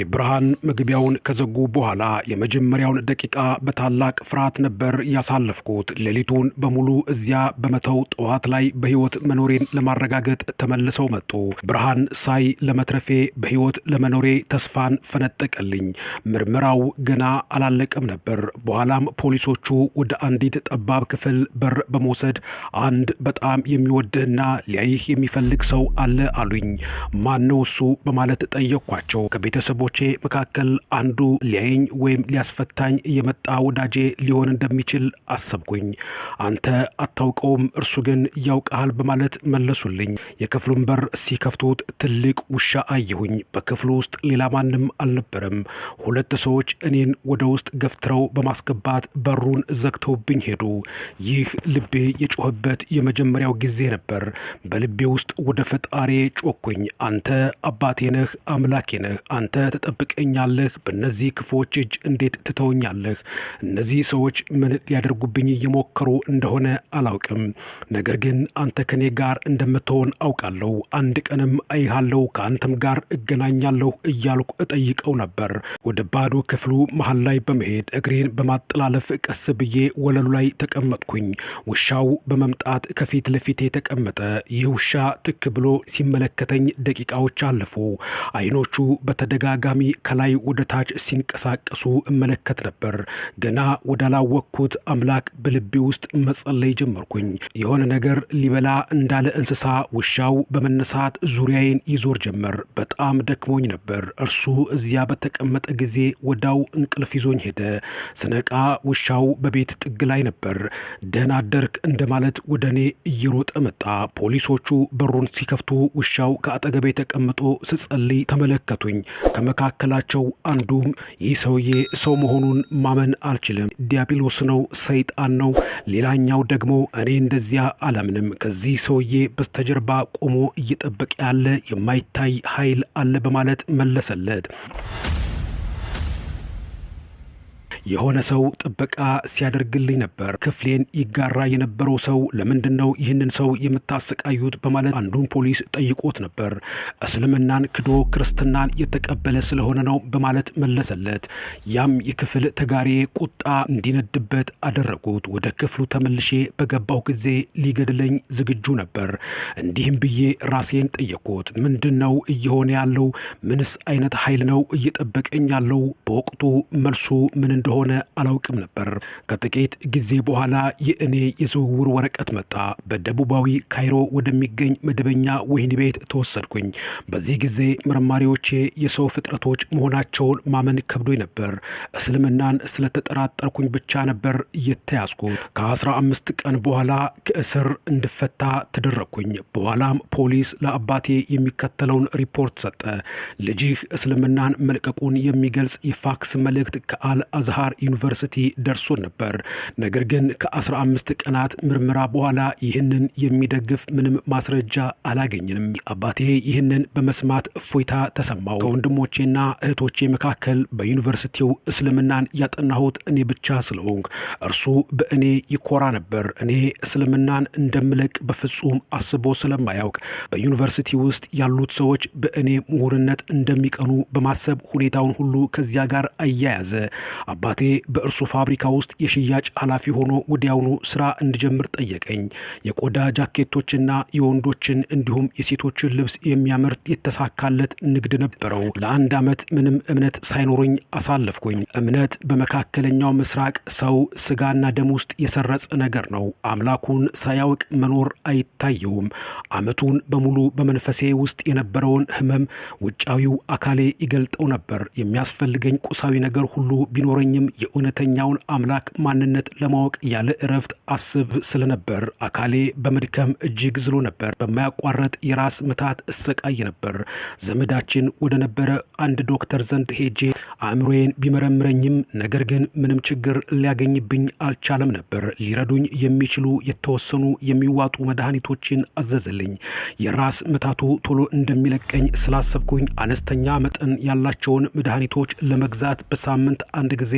የብርሃን መግቢያውን ከዘጉ በኋላ የመጀመሪያውን ደቂቃ በታላቅ ፍርሃት ነበር ያሳለፍኩት። ሌሊቱን በሙሉ እዚያ በመተው ጠዋት ላይ በሕይወት መኖሬን ለማረጋገጥ ተመልሰው መጡ። ብርሃን ሳይ ለመትረፌ በሕይወት ለመኖሬ ተስፋን ፈነጠቀልኝ። ምርመራው ገና አላለቀም ነበር። በኋላም ፖሊሶቹ ወደ አንዲት ጠባብ ክፍል በር በመውሰድ አንድ በጣም የሚወድህና ሊያይህ የሚፈልግ ሰው አለ አሉኝ። ማን ነው እሱ በማለት ጠየቅኳቸው። ከቤተሰቡ ቤተሰቦቼ መካከል አንዱ ሊያየኝ ወይም ሊያስፈታኝ የመጣ ወዳጄ ሊሆን እንደሚችል አሰብኩኝ። አንተ አታውቀውም፣ እርሱ ግን ያውቀሃል በማለት መለሱልኝ። የክፍሉን በር ሲከፍቱት ትልቅ ውሻ አየሁኝ። በክፍሉ ውስጥ ሌላ ማንም አልነበረም። ሁለት ሰዎች እኔን ወደ ውስጥ ገፍትረው በማስገባት በሩን ዘግተውብኝ ሄዱ። ይህ ልቤ የጮኸበት የመጀመሪያው ጊዜ ነበር። በልቤ ውስጥ ወደ ፈጣሬ ጮኩኝ። አንተ አባቴ ነህ፣ አምላኬ ነህ፣ አንተ ትጠብቀኛለህ? በእነዚህ ክፉዎች እጅ እንዴት ትተውኛለህ? እነዚህ ሰዎች ምን ሊያደርጉብኝ እየሞከሩ እንደሆነ አላውቅም። ነገር ግን አንተ ከኔ ጋር እንደምትሆን አውቃለሁ። አንድ ቀንም አይሃለሁ፣ ከአንተም ጋር እገናኛለሁ እያልኩ እጠይቀው ነበር። ወደ ባዶ ክፍሉ መሀል ላይ በመሄድ እግሬን በማጠላለፍ ቀስ ብዬ ወለሉ ላይ ተቀመጥኩኝ። ውሻው በመምጣት ከፊት ለፊቴ ተቀመጠ። ይህ ውሻ ትክ ብሎ ሲመለከተኝ ደቂቃዎች አለፉ። አይኖቹ በተደጋ በተደጋጋሚ ከላይ ወደ ታች ሲንቀሳቀሱ እመለከት ነበር። ገና ወዳላወቅኩት አምላክ በልቤ ውስጥ መጸለይ ጀመርኩኝ። የሆነ ነገር ሊበላ እንዳለ እንስሳ ውሻው በመነሳት ዙሪያዬን ይዞር ጀመር። በጣም ደክሞኝ ነበር። እርሱ እዚያ በተቀመጠ ጊዜ ወዳው እንቅልፍ ይዞኝ ሄደ። ስነቃ ውሻው በቤት ጥግ ላይ ነበር። ደህና አደርክ እንደማለት ወደ እኔ እየሮጠ መጣ። ፖሊሶቹ በሩን ሲከፍቱ ውሻው ከአጠገቤ ተቀምጦ ስጸልይ ተመለከቱኝ። ከመካከላቸው አንዱ ይህ ሰውዬ ሰው መሆኑን ማመን አልችልም፣ ዲያብሎስ ነው፣ ሰይጣን ነው። ሌላኛው ደግሞ እኔ እንደዚያ አላምንም፣ ከዚህ ሰውዬ በስተጀርባ ቆሞ እየጠበቀ ያለ የማይታይ ኃይል አለ በማለት መለሰለት። የሆነ ሰው ጥበቃ ሲያደርግልኝ ነበር። ክፍሌን ይጋራ የነበረው ሰው ለምንድን ነው ይህንን ሰው የምታሰቃዩት? በማለት አንዱን ፖሊስ ጠይቆት ነበር። እስልምናን ክዶ ክርስትናን የተቀበለ ስለሆነ ነው በማለት መለሰለት። ያም የክፍል ተጋሪ ቁጣ እንዲነድበት አደረጉት። ወደ ክፍሉ ተመልሼ በገባሁ ጊዜ ሊገድለኝ ዝግጁ ነበር። እንዲህም ብዬ ራሴን ጠየቅኩት። ምንድን ነው እየሆነ ያለው? ምንስ አይነት ኃይል ነው እየጠበቀኝ ያለው? በወቅቱ መልሱ ምን እንደሆነ እንደሆነ አላውቅም ነበር። ከጥቂት ጊዜ በኋላ የእኔ የዝውውር ወረቀት መጣ። በደቡባዊ ካይሮ ወደሚገኝ መደበኛ ወህኒ ቤት ተወሰድኩኝ። በዚህ ጊዜ መርማሪዎቼ የሰው ፍጥረቶች መሆናቸውን ማመን ከብዶኝ ነበር። እስልምናን ስለተጠራጠርኩኝ ብቻ ነበር እየተያዝኩ። ከአስራ አምስት ቀን በኋላ ከእስር እንድፈታ ተደረግኩኝ። በኋላም ፖሊስ ለአባቴ የሚከተለውን ሪፖርት ሰጠ። ልጅህ እስልምናን መልቀቁን የሚገልጽ የፋክስ መልእክት ከአል አዝሃ ባህር ዩኒቨርሲቲ ደርሶ ነበር። ነገር ግን ከ15 ቀናት ምርመራ በኋላ ይህንን የሚደግፍ ምንም ማስረጃ አላገኝንም። አባቴ ይህንን በመስማት እፎይታ ተሰማው። ከወንድሞቼና እህቶቼ መካከል በዩኒቨርሲቲው እስልምናን ያጠናሁት እኔ ብቻ ስለሆንኩ እርሱ በእኔ ይኮራ ነበር። እኔ እስልምናን እንደምለቅ በፍጹም አስቦ ስለማያውቅ በዩኒቨርሲቲ ውስጥ ያሉት ሰዎች በእኔ ምሁርነት እንደሚቀኑ በማሰብ ሁኔታውን ሁሉ ከዚያ ጋር አያያዘ። አባቴ በእርሱ ፋብሪካ ውስጥ የሽያጭ ኃላፊ ሆኖ ወዲያውኑ ስራ እንድጀምር ጠየቀኝ። የቆዳ ጃኬቶችና የወንዶችን እንዲሁም የሴቶችን ልብስ የሚያመርት የተሳካለት ንግድ ነበረው። ለአንድ ዓመት ምንም እምነት ሳይኖረኝ አሳለፍኩኝ። እምነት በመካከለኛው ምስራቅ ሰው ስጋና ደም ውስጥ የሰረጸ ነገር ነው። አምላኩን ሳያውቅ መኖር አይታየውም። ዓመቱን በሙሉ በመንፈሴ ውስጥ የነበረውን ህመም ውጫዊው አካሌ ይገልጠው ነበር። የሚያስፈልገኝ ቁሳዊ ነገር ሁሉ ቢኖረኝም በተለይም የእውነተኛውን አምላክ ማንነት ለማወቅ ያለ እረፍት አስብ ስለነበር አካሌ በመድከም እጅግ ዝሎ ነበር። በማያቋረጥ የራስ ምታት እሰቃይ ነበር። ዘመዳችን ወደ ነበረ አንድ ዶክተር ዘንድ ሄጄ አእምሮዬን ቢመረምረኝም ነገር ግን ምንም ችግር ሊያገኝብኝ አልቻለም ነበር። ሊረዱኝ የሚችሉ የተወሰኑ የሚዋጡ መድኃኒቶችን አዘዘልኝ። የራስ ምታቱ ቶሎ እንደሚለቀኝ ስላሰብኩኝ አነስተኛ መጠን ያላቸውን መድኃኒቶች ለመግዛት በሳምንት አንድ ጊዜ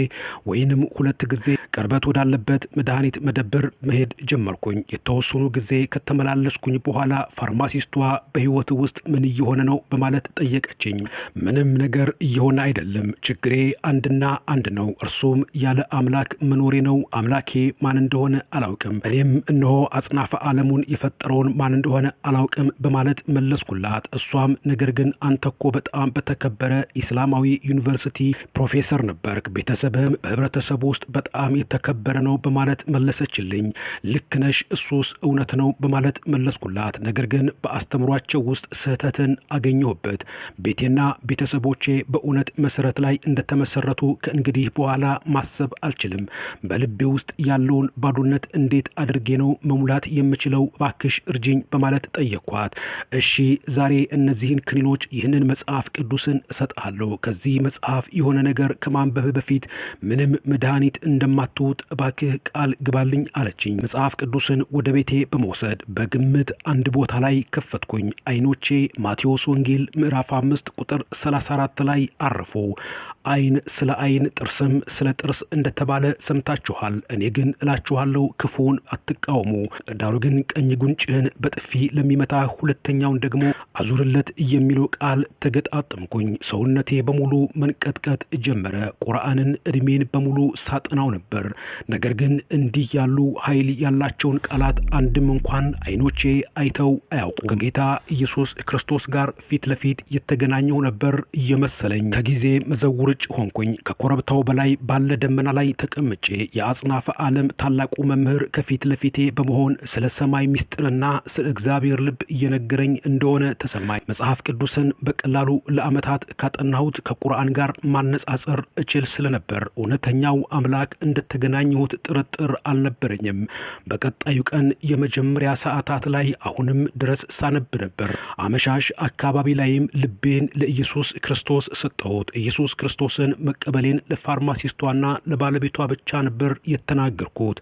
ወይንም ሁለት ጊዜ ቅርበት ወዳለበት መድኃኒት መደብር መሄድ ጀመርኩኝ። የተወሰኑ ጊዜ ከተመላለስኩኝ በኋላ ፋርማሲስቷ በህይወት ውስጥ ምን እየሆነ ነው በማለት ጠየቀችኝ። ምንም ነገር እየሆነ አይደለም። ችግሬ አንድና አንድ ነው። እርሱም ያለ አምላክ መኖሬ ነው። አምላኬ ማን እንደሆነ አላውቅም። እኔም እነሆ አጽናፈ ዓለሙን የፈጠረውን ማን እንደሆነ አላውቅም በማለት መለስኩላት። እሷም ነገር ግን አንተ በጣም በተከበረ ኢስላማዊ ዩኒቨርሲቲ ፕሮፌሰር ነበርክ። ቤተሰብ ህብረተሰብ ውስጥ በጣም የተከበረ ነው በማለት መለሰችልኝ። ልክ ነሽ፣ እሱስ እውነት ነው በማለት መለስኩላት። ነገር ግን በአስተምሯቸው ውስጥ ስህተትን አገኘሁበት። ቤቴና ቤተሰቦቼ በእውነት መሰረት ላይ እንደተመሰረቱ ከእንግዲህ በኋላ ማሰብ አልችልም። በልቤ ውስጥ ያለውን ባዶነት እንዴት አድርጌ ነው መሙላት የምችለው? ባክሽ እርጅኝ በማለት ጠየቅኳት። እሺ ዛሬ እነዚህን ክኒኖች፣ ይህንን መጽሐፍ ቅዱስን እሰጥሃለሁ። ከዚህ መጽሐፍ የሆነ ነገር ከማንበብ በፊት ምንም መድኃኒት እንደማትውጥ እባክህ ቃል ግባልኝ አለችኝ። መጽሐፍ ቅዱስን ወደ ቤቴ በመውሰድ በግምት አንድ ቦታ ላይ ከፈትኩኝ። አይኖቼ ማቴዎስ ወንጌል ምዕራፍ አምስት ቁጥር 34 ላይ አረፉ። አይን ስለ አይን ጥርስም ስለ ጥርስ እንደተባለ ሰምታችኋል። እኔ ግን እላችኋለሁ ክፉውን አትቃወሙ። ዳሩ ግን ቀኝ ጉንጭህን በጥፊ ለሚመታ ሁለተኛውን ደግሞ አዙርለት የሚለው ቃል ተገጣጠምኩኝ። ሰውነቴ በሙሉ መንቀጥቀጥ ጀመረ። ቁርአንን እድሜን በሙሉ ሳጠናው ነበር። ነገር ግን እንዲህ ያሉ ኃይል ያላቸውን ቃላት አንድም እንኳን አይኖቼ አይተው አያውቁም። ከጌታ ኢየሱስ ክርስቶስ ጋር ፊት ለፊት የተገናኘው ነበር እየመሰለኝ ከጊዜ መዘውርጭ ሆንኩኝ። ከኮረብታው በላይ ባለ ደመና ላይ ተቀምጬ የአጽናፈ ዓለም ታላቁ መምህር ከፊት ለፊቴ በመሆን ስለ ሰማይ ምስጢርና ስለ እግዚአብሔር ልብ እየነገረኝ እንደሆነ ተሰማኝ። መጽሐፍ ቅዱስን በቀላሉ ለዓመታት ካጠናሁት ከቁርአን ጋር ማነጻጸር እችል ስለነበር ጋር እውነተኛው አምላክ እንደተገናኘሁት ጥርጥር አልነበረኝም። በቀጣዩ ቀን የመጀመሪያ ሰዓታት ላይ አሁንም ድረስ ሳነብ ነበር። አመሻሽ አካባቢ ላይም ልቤን ለኢየሱስ ክርስቶስ ሰጠሁት። ኢየሱስ ክርስቶስን መቀበሌን ለፋርማሲስቷና ለባለቤቷ ብቻ ነበር የተናገርኩት።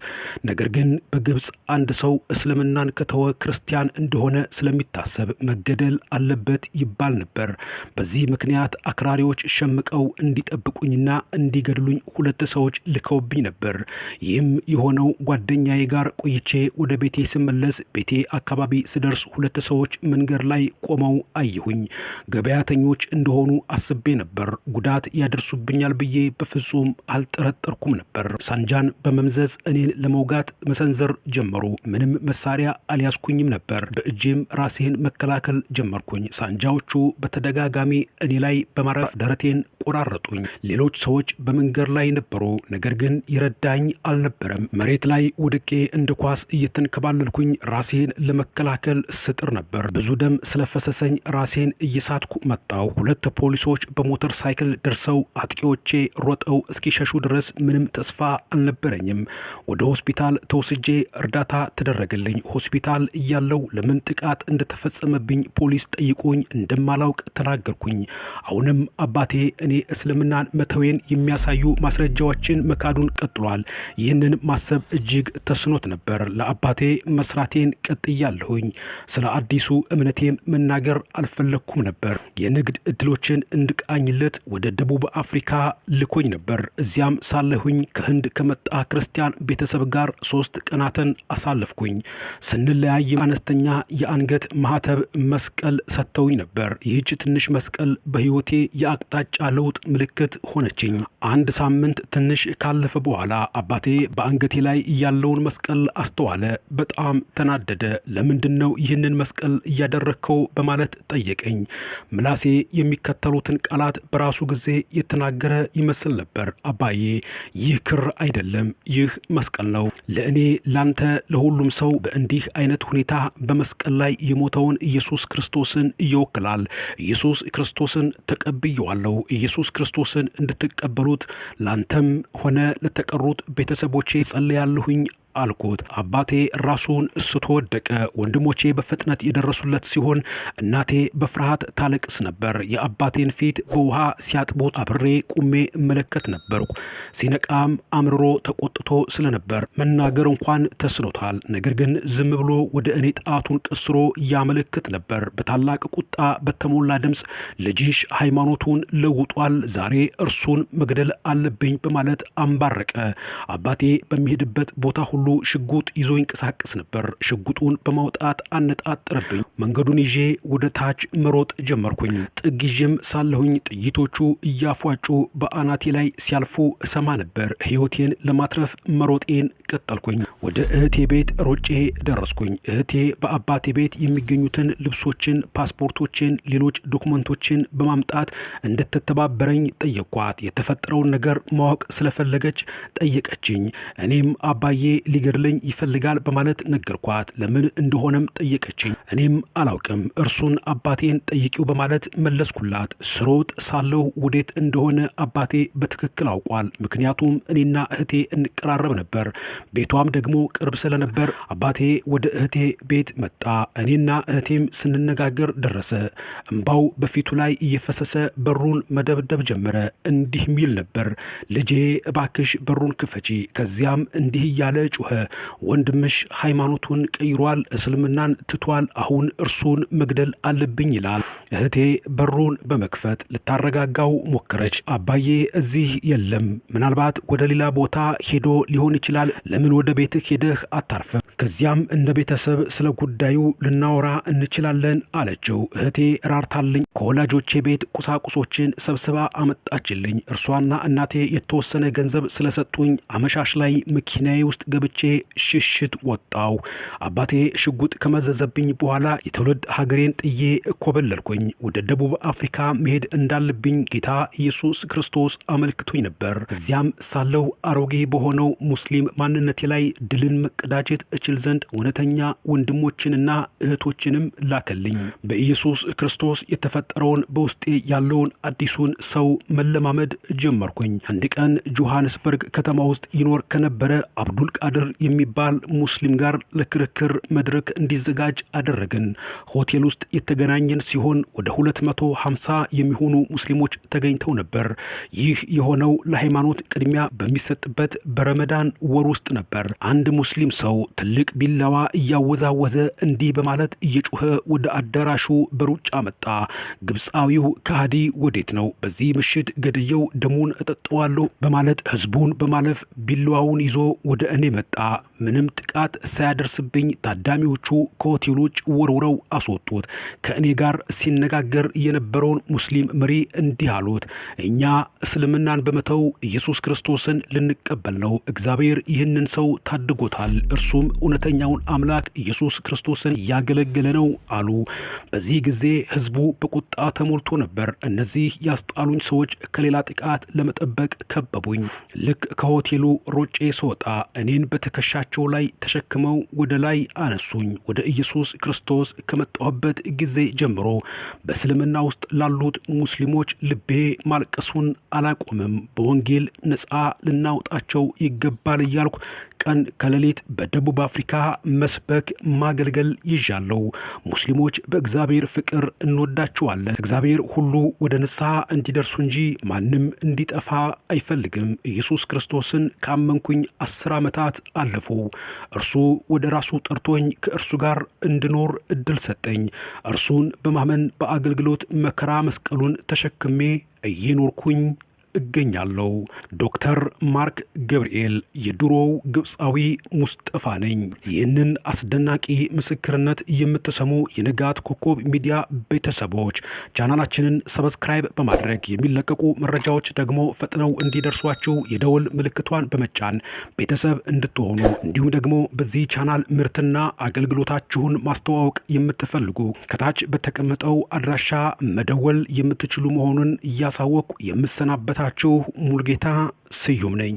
ነገር ግን በግብፅ አንድ ሰው እስልምናን ከተወ ክርስቲያን እንደሆነ ስለሚታሰብ መገደል አለበት ይባል ነበር። በዚህ ምክንያት አክራሪዎች ሸምቀው እንዲጠብቁኝና እንዲገድሉ ያሉኝ ሁለት ሰዎች ልከውብኝ ነበር። ይህም የሆነው ጓደኛዬ ጋር ቆይቼ ወደ ቤቴ ስመለስ ቤቴ አካባቢ ስደርስ ሁለት ሰዎች መንገድ ላይ ቆመው አየሁኝ። ገበያተኞች እንደሆኑ አስቤ ነበር። ጉዳት ያደርሱብኛል ብዬ በፍጹም አልጠረጠርኩም ነበር። ሳንጃን በመምዘዝ እኔን ለመውጋት መሰንዘር ጀመሩ። ምንም መሳሪያ አልያዝኩኝም ነበር። በእጄም ራሴን መከላከል ጀመርኩኝ። ሳንጃዎቹ በተደጋጋሚ እኔ ላይ በማረፍ ደረቴን ቆራረጡኝ። ሌሎች ሰዎች በመንገድ ላይ ነበሩ፣ ነገር ግን ይረዳኝ አልነበረም። መሬት ላይ ወድቄ እንደ ኳስ እየተንከባለልኩኝ ራሴን ለመከላከል ስጥር ነበር። ብዙ ደም ስለፈሰሰኝ ራሴን እየሳትኩ መጣው። ሁለት ፖሊሶች በሞተር ሳይክል ደርሰው አጥቂዎቼ ሮጠው እስኪሸሹ ድረስ ምንም ተስፋ አልነበረኝም። ወደ ሆስፒታል ተወስጄ እርዳታ ተደረገልኝ። ሆስፒታል እያለው ለምን ጥቃት እንደተፈጸመብኝ ፖሊስ ጠይቆኝ እንደማላውቅ ተናገርኩኝ። አሁንም አባቴ እኔ እኔ እስልምናን መተዌን የሚያሳዩ ማስረጃዎችን መካዱን ቀጥሏል። ይህንን ማሰብ እጅግ ተስኖት ነበር። ለአባቴ መስራቴን ቀጥያለሁኝ። ስለ አዲሱ እምነቴም መናገር አልፈለግኩም ነበር። የንግድ እድሎችን እንድቃኝለት ወደ ደቡብ አፍሪካ ልኮኝ ነበር። እዚያም ሳለሁኝ ከህንድ ከመጣ ክርስቲያን ቤተሰብ ጋር ሶስት ቀናትን አሳለፍኩኝ። ስንለያይ አነስተኛ የአንገት ማህተብ መስቀል ሰጥተውኝ ነበር። ይህች ትንሽ መስቀል በህይወቴ የአቅጣጫ ለው የለውጥ ምልክት ሆነችኝ። አንድ ሳምንት ትንሽ ካለፈ በኋላ አባቴ በአንገቴ ላይ ያለውን መስቀል አስተዋለ። በጣም ተናደደ። ለምንድን ነው ይህንን መስቀል እያደረግከው በማለት ጠየቀኝ። ምላሴ የሚከተሉትን ቃላት በራሱ ጊዜ የተናገረ ይመስል ነበር። አባዬ፣ ይህ ክር አይደለም፣ ይህ መስቀል ነው። ለእኔ ላንተ፣ ለሁሉም ሰው በእንዲህ አይነት ሁኔታ በመስቀል ላይ የሞተውን ኢየሱስ ክርስቶስን ይወክላል። ኢየሱስ ክርስቶስን ተቀብየዋለሁ። ኢየሱስ ክርስቶስን እንድትቀበሉት ላንተም ሆነ ለተቀሩት ቤተሰቦቼ ጸልያለሁኝ። አልኩት። አባቴ ራሱን ስቶ ወደቀ። ወንድሞቼ በፍጥነት የደረሱለት ሲሆን እናቴ በፍርሃት ታለቅስ ነበር። የአባቴን ፊት በውሃ ሲያጥቡት አብሬ ቁሜ እመለከት ነበርኩ። ሲነቃም አምርሮ ተቆጥቶ ስለነበር መናገር እንኳን ተስኖታል። ነገር ግን ዝም ብሎ ወደ እኔ ጣቱን ቀስሮ ያመለክት ነበር። በታላቅ ቁጣ በተሞላ ድምፅ ልጅሽ ሃይማኖቱን ለውጧል፣ ዛሬ እርሱን መግደል አለብኝ በማለት አንባረቀ። አባቴ በሚሄድበት ቦታ ሁሉ ሁሉ ሽጉጥ ይዞ ይንቀሳቀስ ነበር። ሽጉጡን በማውጣት አነጣጠረብኝ። መንገዱን ይዤ ወደ ታች መሮጥ ጀመርኩኝ። ጥግ ይዤም ሳለሁኝ ጥይቶቹ እያፏጩ በአናቴ ላይ ሲያልፉ እሰማ ነበር። ሕይወቴን ለማትረፍ መሮጤን ቀጠልኩኝ። ወደ እህቴ ቤት ሮጬ ደረስኩኝ። እህቴ በአባቴ ቤት የሚገኙትን ልብሶችን፣ ፓስፖርቶችን፣ ሌሎች ዶክመንቶችን በማምጣት እንድትተባበረኝ ጠየኳት። የተፈጠረውን ነገር ማወቅ ስለፈለገች ጠየቀችኝ። እኔም አባዬ ሊገድለኝ ይፈልጋል በማለት ነገርኳት። ለምን እንደሆነም ጠየቀችኝ። እኔም አላውቅም፣ እርሱን አባቴን ጠይቂው በማለት መለስኩላት። ስሮጥ ሳለሁ ወዴት እንደሆነ አባቴ በትክክል አውቋል። ምክንያቱም እኔና እህቴ እንቀራረብ ነበር። ቤቷም ደግሞ ቅርብ ስለነበር አባቴ ወደ እህቴ ቤት መጣ። እኔና እህቴም ስንነጋገር ደረሰ። እምባው በፊቱ ላይ እየፈሰሰ በሩን መደብደብ ጀመረ። እንዲህ ሚል ነበር፣ ልጄ እባክሽ በሩን ክፈቺ። ከዚያም እንዲህ እያለ ጮኸ፣ ወንድምሽ ሃይማኖቱን ቀይሯል፣ እስልምናን ትቷል። አሁን እርሱን መግደል አለብኝ ይላል። እህቴ በሩን በመክፈት ልታረጋጋው ሞከረች። አባዬ እዚህ የለም፣ ምናልባት ወደ ሌላ ቦታ ሄዶ ሊሆን ይችላል ለምን ወደ ቤትህ ሄደህ አታርፍም? ከዚያም እንደ ቤተሰብ ስለ ጉዳዩ ልናወራ እንችላለን አለችው። እህቴ ራርታልኝ ከወላጆቼ ቤት ቁሳቁሶችን ሰብስባ አመጣችልኝ። እርሷና እናቴ የተወሰነ ገንዘብ ስለሰጡኝ አመሻሽ ላይ መኪናዬ ውስጥ ገብቼ ሽሽት ወጣው። አባቴ ሽጉጥ ከመዘዘብኝ በኋላ የትውልድ ሀገሬን ጥዬ እኮበለልኩኝ ወደ ደቡብ አፍሪካ መሄድ እንዳለብኝ ጌታ ኢየሱስ ክርስቶስ አመልክቶኝ ነበር። እዚያም ሳለው አሮጌ በሆነው ሙስሊም ማንነት በማንነቴ ላይ ድልን መቀዳጀት እችል ዘንድ እውነተኛ ወንድሞችንና እህቶችንም ላከልኝ። በኢየሱስ ክርስቶስ የተፈጠረውን በውስጤ ያለውን አዲሱን ሰው መለማመድ ጀመርኩኝ። አንድ ቀን ጆሐንስበርግ ከተማ ውስጥ ይኖር ከነበረ አብዱል ቃድር የሚባል ሙስሊም ጋር ለክርክር መድረክ እንዲዘጋጅ አደረግን። ሆቴል ውስጥ የተገናኘን ሲሆን ወደ 250 የሚሆኑ ሙስሊሞች ተገኝተው ነበር። ይህ የሆነው ለሃይማኖት ቅድሚያ በሚሰጥበት በረመዳን ወር ውስጥ ውስጥ ነበር። አንድ ሙስሊም ሰው ትልቅ ቢላዋ እያወዛወዘ እንዲህ በማለት እየጮኸ ወደ አዳራሹ በሩጫ መጣ። ግብፃዊው ከሃዲ ወዴት ነው? በዚህ ምሽት ገድየው ደሙን እጠጠዋለሁ በማለት ህዝቡን በማለፍ ቢላዋውን ይዞ ወደ እኔ መጣ። ምንም ጥቃት ሳያደርስብኝ ታዳሚዎቹ ከሆቴል ውጭ ወርውረው አስወጡት። ከእኔ ጋር ሲነጋገር የነበረውን ሙስሊም መሪ እንዲህ አሉት፣ እኛ እስልምናን በመተው ኢየሱስ ክርስቶስን ልንቀበል ነው። እግዚአብሔር ይህንን ሰው ታድጎታል። እርሱም እውነተኛውን አምላክ ኢየሱስ ክርስቶስን እያገለገለ ነው አሉ። በዚህ ጊዜ ህዝቡ በቁጣ ተሞልቶ ነበር። እነዚህ ያስጣሉኝ ሰዎች ከሌላ ጥቃት ለመጠበቅ ከበቡኝ። ልክ ከሆቴሉ ሮጬ ስወጣ እኔን በትከሻቸው በራሳቸው ላይ ተሸክመው ወደ ላይ አነሱኝ። ወደ ኢየሱስ ክርስቶስ ከመጣሁበት ጊዜ ጀምሮ በእስልምና ውስጥ ላሉት ሙስሊሞች ልቤ ማልቀሱን አላቆምም። በወንጌል ነፃ ልናውጣቸው ይገባል እያልኩ ቀን ከሌሊት በደቡብ አፍሪካ መስበክ ማገልገል ይዣለሁ። ሙስሊሞች በእግዚአብሔር ፍቅር እንወዳቸዋለን። እግዚአብሔር ሁሉ ወደ ንስሐ እንዲደርሱ እንጂ ማንም እንዲጠፋ አይፈልግም። ኢየሱስ ክርስቶስን ካመንኩኝ አስር ዓመታት አለፉ። እርሱ ወደ ራሱ ጠርቶኝ ከእርሱ ጋር እንድኖር እድል ሰጠኝ። እርሱን በማመን በአገልግሎት መከራ መስቀሉን ተሸክሜ እየኖርኩኝ እገኛለሁ። ዶክተር ማርክ ገብርኤል የድሮው ግብፃዊ ሙስጠፋ ነኝ። ይህንን አስደናቂ ምስክርነት የምትሰሙ የንጋት ኮከብ ሚዲያ ቤተሰቦች ቻናላችንን ሰብስክራይብ በማድረግ የሚለቀቁ መረጃዎች ደግሞ ፈጥነው እንዲደርሷችሁ የደወል ምልክቷን በመጫን ቤተሰብ እንድትሆኑ እንዲሁም ደግሞ በዚህ ቻናል ምርትና አገልግሎታችሁን ማስተዋወቅ የምትፈልጉ ከታች በተቀመጠው አድራሻ መደወል የምትችሉ መሆኑን እያሳወቅኩ የምሰናበታል። ተመልካችሁ ሙልጌታ ስዩም ነኝ።